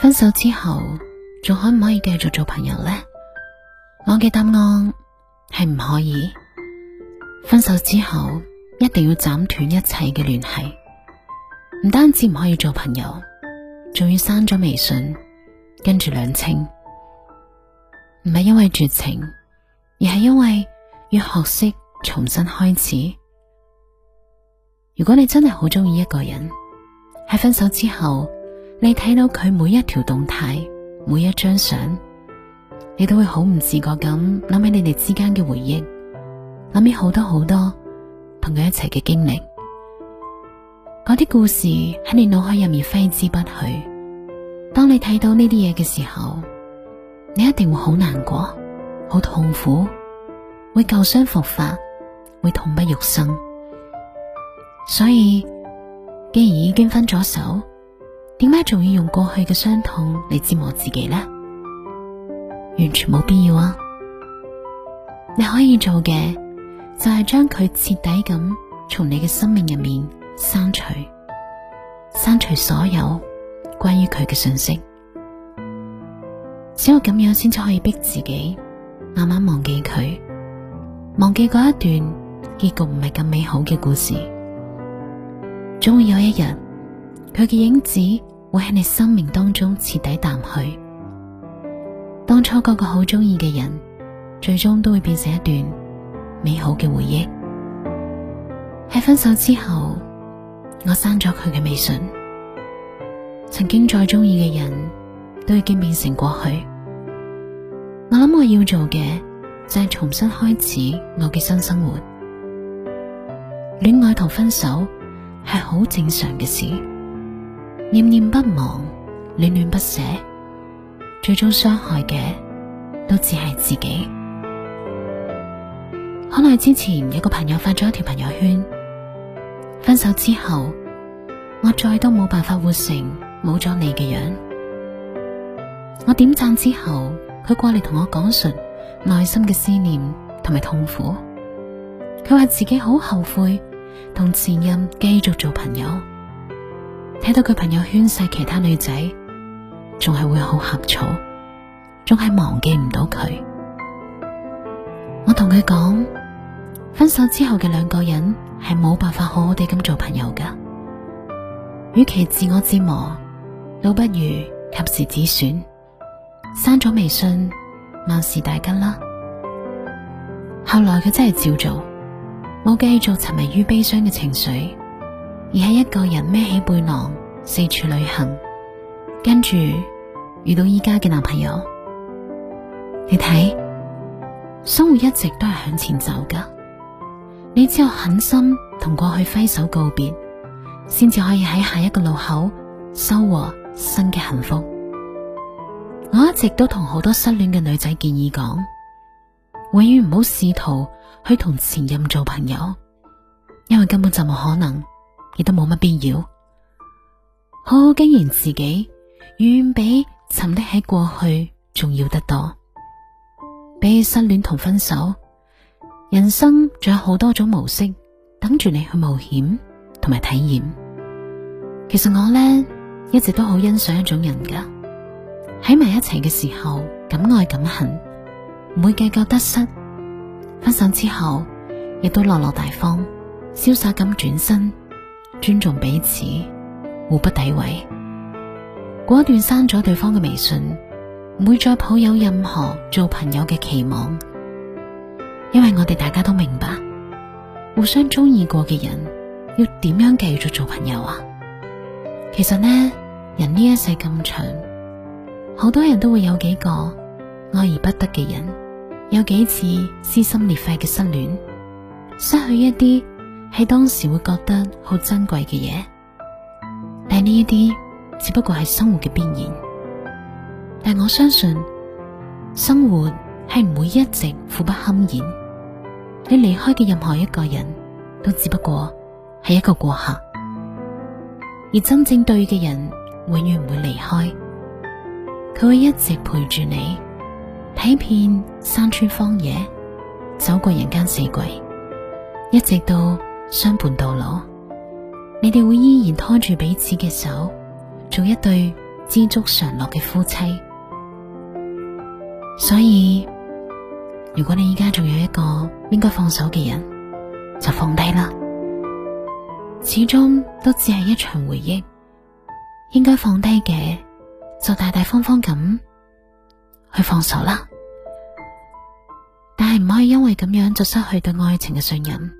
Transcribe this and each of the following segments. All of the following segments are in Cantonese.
分手之後，仲可唔可以繼續做朋友呢？我嘅答案係唔可以。分手之後，一定要斬斷一切嘅聯繫，唔單止唔可以做朋友，仲要刪咗微信，跟住兩清。唔係因為絕情，而係因為要學識重新開始。如果你真係好中意一個人，喺分手之後。你睇到佢每一條動態，每一張相，你都會好唔自覺咁諗起你哋之間嘅回憶，諗起好多好多同佢一齊嘅經歷，嗰啲故事喺你腦海入面揮之不去。當你睇到呢啲嘢嘅時候，你一定會好難過，好痛苦，會舊傷復發，會痛不欲生。所以，既然已經分咗手。點解仲要用過去嘅傷痛嚟折磨自己呢？完全冇必要啊！你可以做嘅就係將佢徹底咁從你嘅生命入面刪除，刪除所有關於佢嘅信息。只有咁樣先至可以逼自己慢慢忘記佢，忘記嗰一段結局唔係咁美好嘅故事。總會有一日，佢嘅影子。會喺你生命當中徹底淡去。當初嗰個好鍾意嘅人，最終都會變成一段美好嘅回憶。喺分手之後，我刪咗佢嘅微信。曾經再中意嘅人都已經變成過去。我諗我要做嘅就係重新開始我嘅新生活。戀愛同分手係好正常嘅事。念念不忘，戀戀不捨，最終傷害嘅都只係自己。好耐之前有個朋友發咗一條朋友圈，分手之後，我再都冇辦法活成冇咗你嘅樣。我點讚之後，佢過嚟，同我講述內心嘅思念同埋痛苦，佢話自己好後悔同前任繼續做朋友。睇到佢朋友圈晒其他女仔，仲係會好呷醋，仲係忘記唔到佢。我同佢講，分手之後嘅兩個人係冇辦法好好哋咁做朋友噶。與其自我折磨，倒不如及時止損，刪咗微信，萬事大吉啦。後來佢真係照做，冇繼續沉迷於悲傷嘅情緒。而係一個人孭起背囊四處旅行，跟住遇到依家嘅男朋友，你睇生活一直都係向前走噶。你只有狠心同過去揮手告別，先至可以喺下一個路口收穫新嘅幸福。我一直都同好多失戀嘅女仔建議講，永遠唔好試圖去同前任做朋友，因為根本就冇可能。亦都冇乜必要，好好經營自己，遠比沉溺喺過去重要得多。比起失戀同分手，人生仲有好多種模式等住你去冒險同埋體驗。其實我咧一直都好欣賞一種人噶，喺埋一齊嘅時候敢愛敢恨，唔會計較得失；分手之後亦都落落大方，瀟灑咁轉身。尊重彼此，互不詆毀，果斷刪咗對方嘅微信，唔會再抱有任何做朋友嘅期望。因為我哋大家都明白，互相中意過嘅人，要點樣繼續做朋友啊？其實呢，人呢一世咁長，好多人都會有幾個愛而不得嘅人，有幾次撕心裂肺嘅失戀，失去一啲。喺當時會覺得好珍貴嘅嘢，但呢一啲只不過係生活嘅必然。但我相信生活係唔會一直苦不堪言。你離開嘅任何一個人都只不過係一個過客，而真正對嘅人永遠唔會離開，佢會一直陪住你睇遍山川荒野，走過人間四季，一直到。相伴到老，你哋會依然拖住彼此嘅手，做一對知足常樂嘅夫妻。所以，如果你依家仲有一個應該放手嘅人，就放低啦。始終都只係一場回憶，應該放低嘅，就大大方方咁去放手啦。但係唔可以因為咁樣就失去對愛情嘅信任。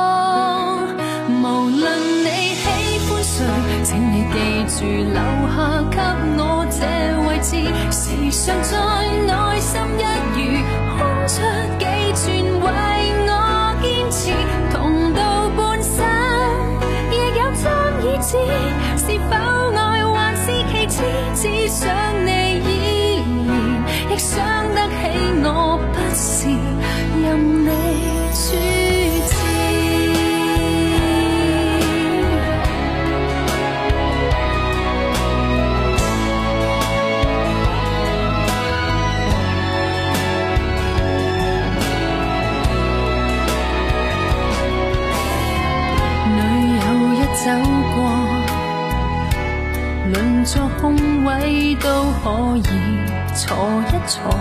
常在內心一隅空出幾寸為我堅持，同渡半生亦有張椅子，是否愛還是其次，只想你依然亦想得走過，鄰座空位都可以坐一坐。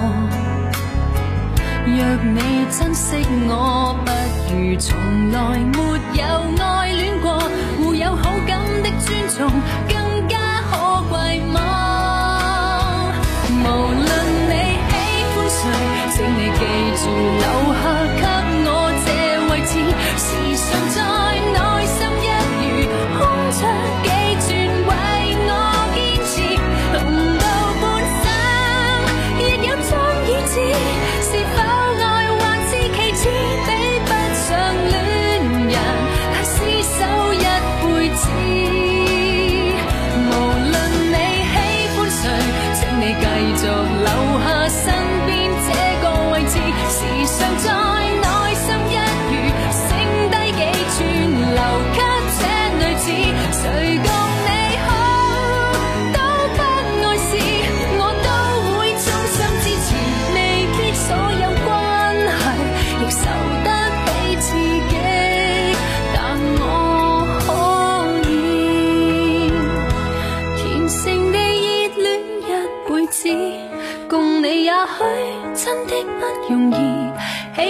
若你珍惜我，不如從來沒有愛戀過，互有好感的尊重。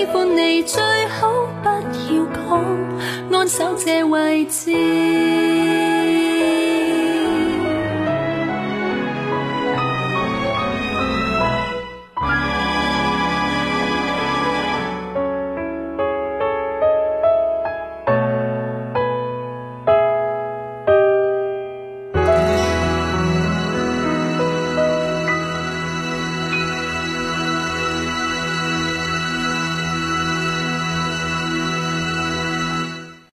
喜歡你最好不要講，安守這位置。